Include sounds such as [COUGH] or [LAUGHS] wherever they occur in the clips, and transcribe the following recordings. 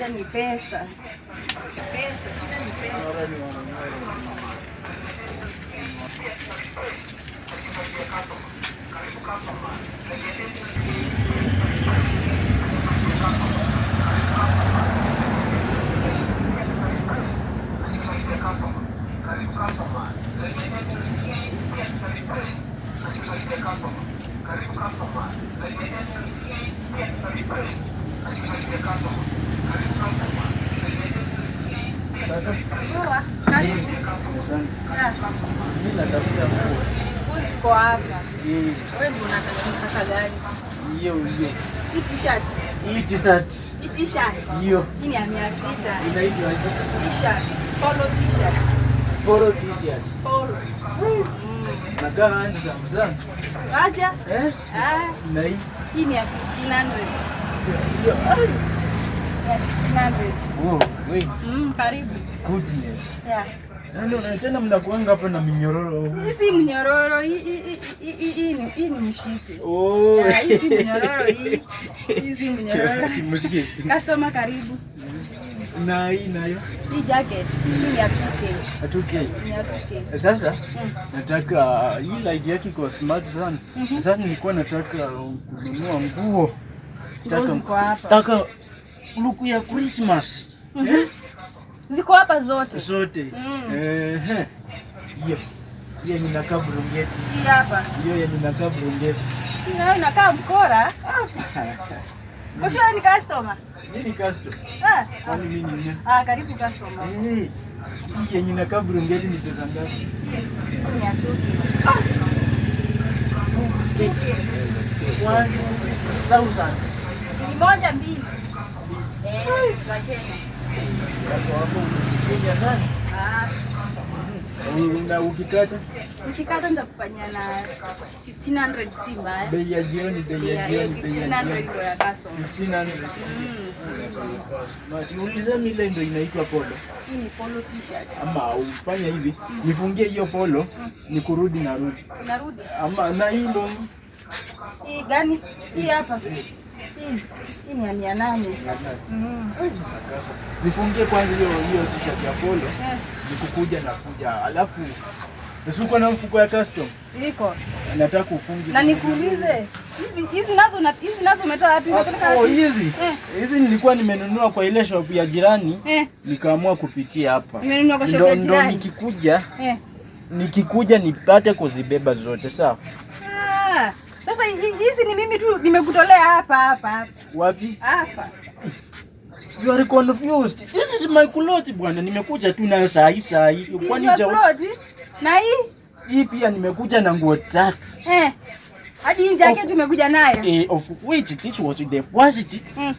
tira-me pensa. Pensa, tira Karibu customer. Karibu customer. Sasa karibu. Asante. Mimi natafuta nguo. Ziko hapa. Wewe ndio unataka gani? Hiyo hiyo. Hii t-shirt. Hii t-shirt. Hii t-shirt. Hiyo. Hii ni ya 600. Inaitwa t-shirt. Polo t-shirt. Polo t-shirt. Polo. Mm. Nakaa handsome sana. Acha. Eh? Ah. Eh? Na hii. Hii ni ya 1500. Hiyo. Oh, mm, yaani Tena mnakuanga hapa na minyororo. Hii si minyororo, hii ni mshipi. Oh. [LAUGHS] Customer karibu. Na hii nayo? Hii jacket, hii ni ya 2K. Ni ya 2K. Eh, sasa mm. nataka hii light yake iko smart sana. Mhm. Sasa nilikuwa nataka kununua nguo. Nguo luku ya Christmas eh? ziko hapa zote zote mm. Hiyo ni na hiyo ngeti. Hii hapa, hiyo ni na ninakaa Burungeti na nakaa mkora Hapa. Mwisho [LAUGHS] ni customer. Mimi ni customer. Ah, kwani mimi ni nina. Ah, karibu customer. Eh. Hii yenye na kaburu ngeti ni pesa ngapi? Ni atoki. Ah. Kwanza 1000. Ni moja mbili. Na ukikata ukikata, nitakufanyia na 1500 si mbaya. Bei ya jioni, bei ya jioni, bei ya 1500 1500 na uliza mile ndio inaitwa polo. Hii ni polo t-shirt. Ama ufanye hivi, nifungie hiyo polo, mm. ni kurudi rudi. Narudi. Ama na hii ndio. Hii gani? Hii hapa. Eh hii ni ya mia nane. Mm. Nifungie kwanza hiyo hiyo t-shirt ya polo nikukuja na kuja, alafu uko na mfuko ya custom iko, nataka kufungi. na nikuulize hizi hizi nazo na hizi nazo umetoa wapi? Ah, oh, hizi eh. hizi nilikuwa nimenunua kwa ile shop ya jirani eh, nikaamua kupitia hapa Nimenunua kwa ndo, ndo nikikuja eh, nikikuja nipate kuzibeba zote sawa. Ah. Hizi ni mimi tu nimekutolea hapa hapa. Wapi? Hapa. You are confused. This is my clothes bwana, nimekuja tu nayo saa hii saa hii. Kwa nini je? Na hii? Hii pia nimekuja na nguo tatu. Eh. Hadi hii jacket umekuja nayo. Eh, of which this was the first. Mm.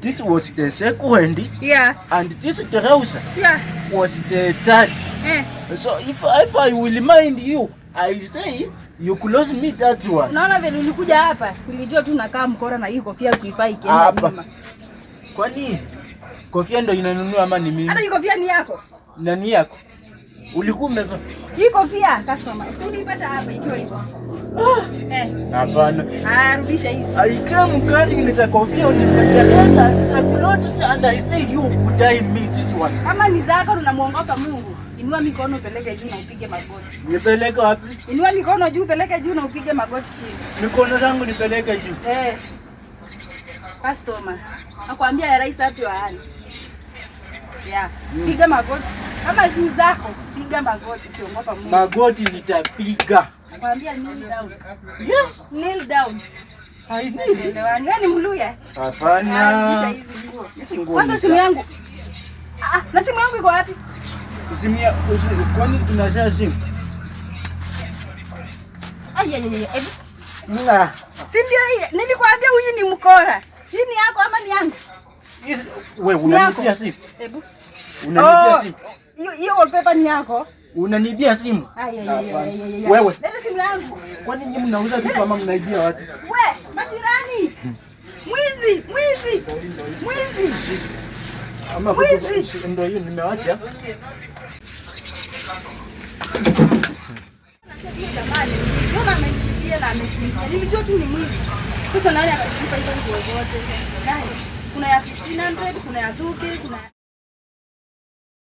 This was the second. Yeah. And this trouser. Yeah. Was the third. Eh. So if if I will remind you I say you close me that one. Naona vile ulikuja hapa, nilijua tu nakaa mkora na hii kofia kuifai kienda hapa. Kwani kofia ndio inanunua ama ni mimi? Hata hii kofia ni yako. Na yako. Ulikuwa umevaa. Hii kofia customer. Si ulipata hapa ikiwa hivyo. Ah, eh. Hapana. Ah, rudisha hizi. I came carrying the kofia unipatia and I could not say and I say you could die me this one. Kama ni zako unamuongopa Mungu. Inua mikono peleke juu na upige magoti. Nipeleke wapi? Inua mikono juu peleke juu na upige magoti chini. Mikono zangu nipeleke juu. Eh. Customer. Nakwambia ya rais hapi wa hali. Yeah. Mm. Piga magoti. Kama juu zako, piga magoti ukiogopa Mungu. Magoti nitapiga. Nakwambia kneel down. Yes, kneel down. ni yaani Mluya? Hapana. Hizi nguo. Kwanza simu yangu. Ah, ah, na simu yangu iko wapi? kuzimia kuzimia, kwani unajua simu? Aya, aya, si ndio hii? Nilikwambia huyu ni mkora. Hii ni yako ama ni yangu? Wewe unanibia simu? Ebu. Unanibia oh, simu? Hiyo hiyo wallpaper ni yako? Unanibia simu? Aya, aya, aya, wewe. Nene simu yangu. Kwani nyinyi mnauza vitu ama mnaibia watu? We, majirani. Mwizi, mwizi. Mwizi. Ama mwizi. Ndio hiyo nimewacha. Sasa nani hizo nguo zote? Kuna ya 1500, kuna ya 2K, kuna